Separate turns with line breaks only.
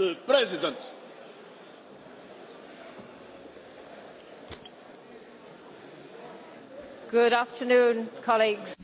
the president good afternoon
colleagues